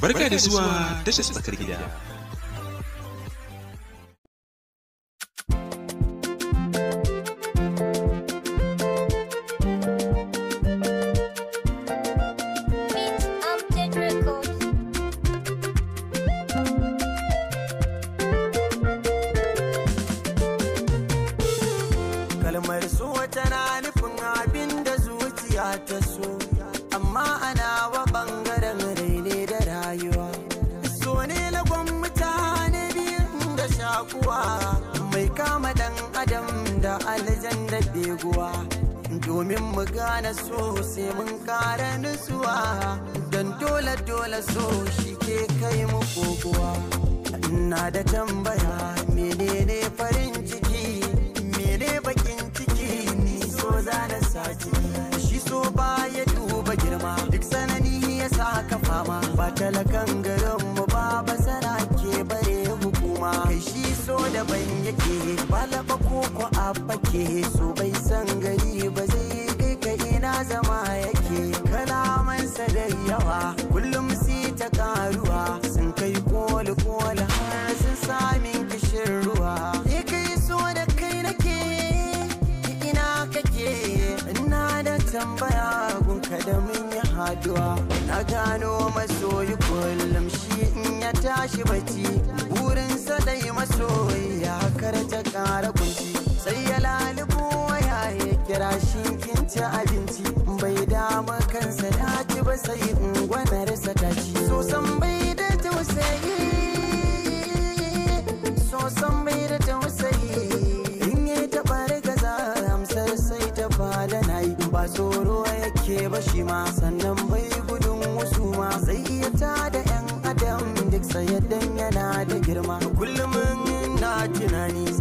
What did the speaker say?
Barka da zuwa tashar tsakar gida. Kalmar su wata na nufin wane lagon mutane biyu da shakuwa mai kama dan adam da aljan da beguwa domin mu gane so sai mun kara nutsuwa don dole dole so shi ke kai mu koguwa ina da tambaya menene farin ciki mene bakin ciki ni so zana sati? shi so ba ya duba girma duk sanani ya sa ka fama ba talakan gari daban yake balaba ko ko a fake so bai san gari ba zai kai ka ina zama yake kalamansa da yawa kullum si ta karuwa sun kai koli koli har sun sami kishin ruwa ya kai so da kai nake ina kake ina da tambaya gunka da mun yi haduwa na gano masoyi kullum shi in ya tashi bacci kusa da yi masoyiya kar ta ƙara kunci sai ya lalubu waya ya kira shi ci abinci bai dama kansa ta ci ba sai ungwanarsa ta ci so bai da tausayi bai da tausayi in ya taɓa riga za amsar sai ta fada na yi ba tsoro yake ba shi ma sannan bai gudun wasu ma zai iya da yan adam duk sayadan yana da girma tunani